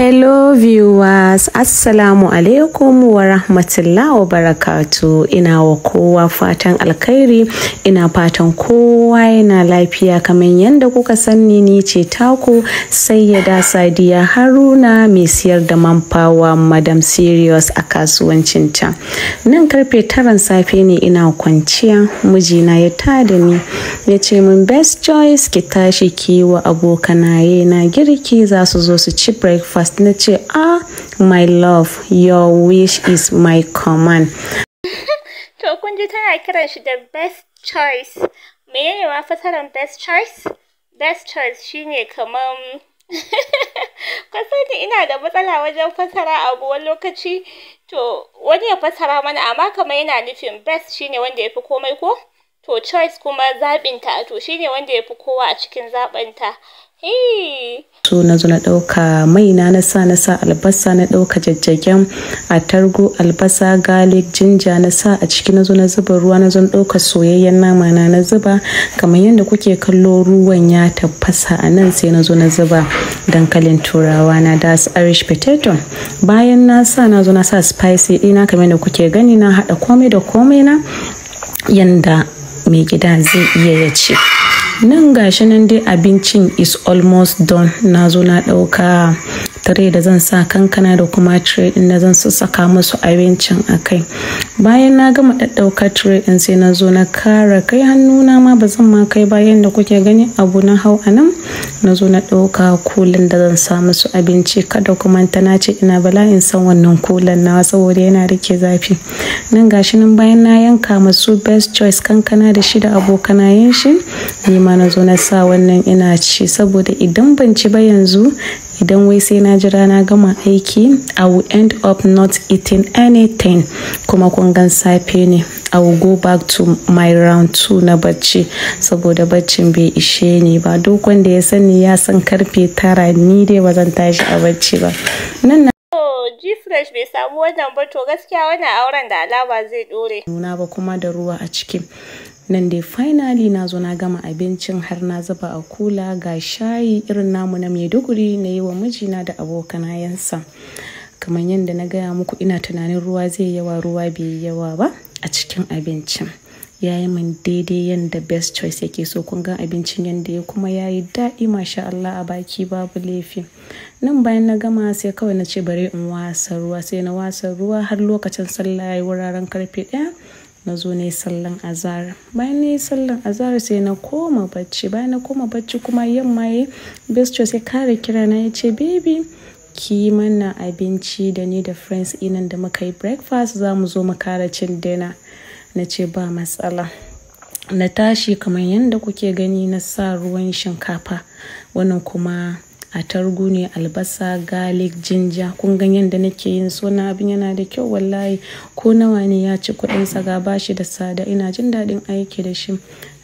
Hello viewers, Assalamu alaikum wa rahmatullahi wa barakatu ina wa kowa fatan alkhairi ina fatan kowa yana lafiya kamar yadda kuka sani ni ce taku sayyada sadiya haruna mai siyar da manfawa madam sirius a kasuwancin ta nan karfe taran safe ne ina kwanciya mijina ya tada ni ya ce min best choice ki tashi ki wa abokanaye na girki za su zo su ci breakfast request na ce ah my love your wish is my command to kun ji tana kiran shi da best choice menene ma fasaran best choice best choice shine kaman kasani ina da matsala wajen fasara abu wani lokaci to wani ya fasara mana amma kamar yana nufin best shine wanda yafi komai ko to choice kuma zaɓinta to shine wanda yafi kowa a cikin zaɓinta so na zo na ɗauka maina na sa na sa albasa na ɗauka jajjagen atargo albasa garlic jinja na sa a ciki na zo na zuba ruwa na zo na ɗauka soyayyen nama na na zuba kamar yadda kuke kallo ruwan ya tafasa a nan sai na zo na zuba dankalin turawa na das irish potato bayan na sa na zo na sa spicy ɗina kamar yadda kuke gani na haɗa komai da komai na yanda mai gida zai iya ya ce nan gashi nan dai abincin is almost done na zo na ɗauka tare da zan sa kankana da kuma tire din da zan saka musu abincin a kai bayan na gama ɗaɗɗauka tire din sai na zo na kara kai hannuna ma ba zan ma kai bayan da kuke gani abu na hau a nan na zo na ɗauka kulin da zan sa musu abinci kada kuma ta na ce ina bala'in san wannan kulan nawa saboda yana rike zafi nan gashi nan bayan na yanka masu best choice kankana da shi da abokanayen shi ne ma na zo na sa wannan ina ci saboda idan ban ci ba yanzu idan wai sai na jira na gama aiki i will end up not eating anything kuma kun gan safe ne i will go back to my round 2 na bacci saboda baccin bai ishe ni ba duk wanda ya sani ya san karfe tara ni dai ba zan tashi a bacci ba nan fresh bai samu wannan ba to gaskiya wannan auren da alama zai dore nuna ba kuma da ruwa a ciki nan dai finally na zo na gama abincin har na zuba a kula ga shayi irin namu na maiduguri na yi wa mijina da abokana yansa kamar yadda na gaya muku ina tunanin ruwa zai yawa ruwa bai yawa ba a cikin abincin ya yi min daidai yadda best choice yake so kun ga abincin yadda ya kuma ya yi daɗi masha Allah a baki babu laifi nan bayan na gama sai kawai na ce bari in wasa ruwa sai na wasa ruwa har lokacin sallah ya yi wuraren karfe ɗaya na zo ne sallan azar bayan ne sallan sai na koma bacci bayan na koma bacci kuma yamma ya best sai kare kira na ya ce baby ki mana abinci da ni da friends inan da muka yi breakfast za mu zo mu kara cin dinner na ce ba matsala na tashi kamar yadda kuke gani na sa ruwan shinkafa wannan kuma a targu ne albasa garlic jinja kun gan yadda nake yin suna abin yana da kyau wallahi ko nawa ne ya ci kuɗin sa ga bashi da sada ina jin daɗin aiki da shi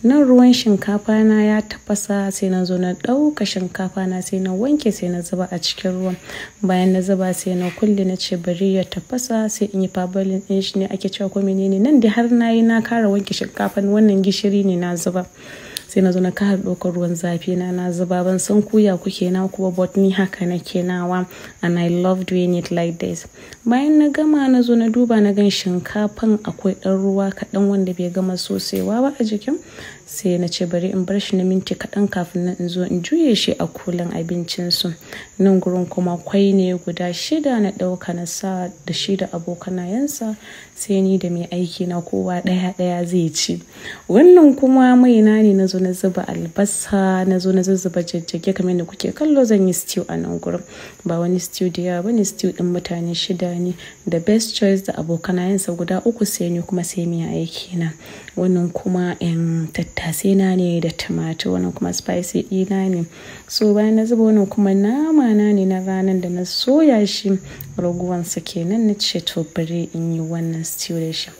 nan ruwan shinkafa na ya tafasa sai na zo na ɗauka shinkafa na sai na wanke sai na zuba a cikin ruwan bayan na zuba sai na kulle na ce bari ya tafasa sai in yi fabalin ɗin shi ne ake cewa ko menene nan da har na yi na kara wanke shinkafan wannan gishiri ne na zuba sai na zo na kawo ɗaukar ruwan zafi na na zuba ban san kuya kuke na kuma but ni haka na nake nawa and I love doing it like this bayan na gama na zo na duba na gan shinkafan akwai ɗan ruwa kaɗan wanda bai gama sosewa ba a jikin sai na ce bari in bar shi na minti kaɗan kafin na in zo in juye shi a kulan abincinsu nan gurin kuma kwai ne guda shida na ɗauka na sa da shi da abokanayensa sai ni da mai aiki na kowa ɗaya ɗaya zai ci wannan kuma mai na ne na zo na zuba albasa na zo na zuzzuba jajjage kamar da kuke kallo zan yi stew a nan gurin ba wani stew da yawa bane stew ɗin mutane shida ne da best choice da abokanayensa guda uku sai ni kuma sai mai aiki na wannan kuma in tattalin tattasai na ne da tumatir wannan kuma spicy ɗina ne so bayan na zuba wannan kuma nama na ne na ranar da na soya shi raguwansa kenan na ce to bari in yi wannan stew da shi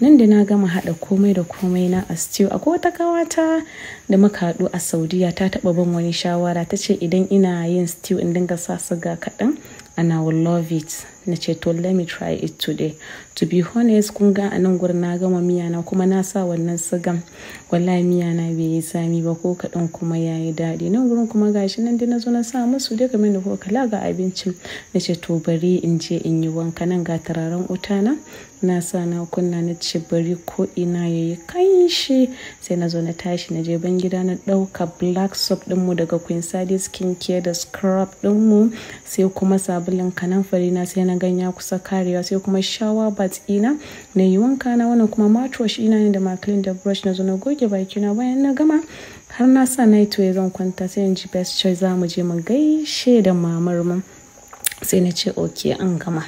nan da na gama haɗa komai da komai na a stew akwai wata kawata da muka haɗu a saudiya ta taba ban wani shawara ta ce idan ina yin stew in dinga sa suga kaɗan and i will love it na ce to let me try it today to be honest kun ga a nan gurin na gama miya na kuma na sa wannan sigan wallahi miya na bai yi sami ba ko kaɗan kuma ya yi daɗi nan gurin kuma gashi nan dai na zo na sa musu dai kamar da kuka kala ga abincin na ce to bari in je in yi wanka nan ga tararen utana na sa na kunna na ce bari ko ina ya yi kanshi sai na zo na tashi na je ban gida na ɗauka black soap ɗinmu daga queen skin care da scrub ɗinmu sai kuma sabulin fari na sai na ya kusa karewa sai kuma shawa bat ina na yi wanka na wannan kuma mouthwash ina ne da maclean da brush na zo na goge baki na bayan na gama har na sa night wear zan kwanta sai in ji best choice za mu je mu gaishe da mamar mu sai na ce okay an gama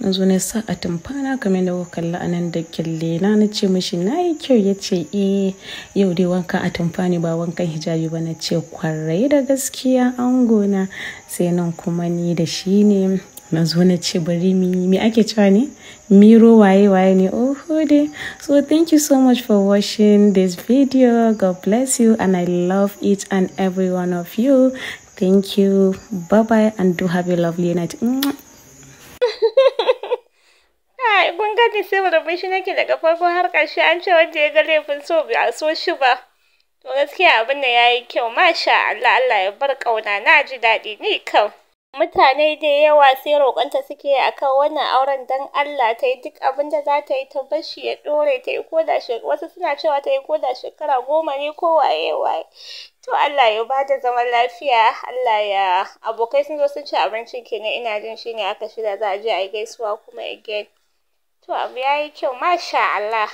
na zo na sa a tumfana kamar da kuka kalla anan da kyalle na na ce mishi na yi kyau ya ce eh yau dai wanka a tumfani ba wankan hijabi ba na ce kwarai da gaskiya an gona sai nan kuma ni da shi ne na zo na ce bari mi ake cewa ne miro waye waye ne oh dai so thank you so much for watching this video god bless you and i love each and every one of you thank you bye bye and do have a lovely night Ai, mun gani sai mu rabu shi nake daga farko har karshe an ce wanda ya ga laifin so ba so shi ba. To gaskiya abin da yayi kyau, masha Allah Allah ya bar kauna na ji daɗi ni kau. Mutane da yawa sai roƙonta suke yi a kan wannan auren don Allah ta yi duk abin da za ta yi ta bar shi ya ɗore, ta yi ko koda wasu suna cewa ta yi ko da shekara goma ne ko waye-waye. To Allah ya ba da zaman lafiya, Allah ya abokai sun zo sun ci abincin kenan ina jin shi ne aka shirya za a je a yi gaisuwa kuma again. To abu ya yi kyau masha Allah.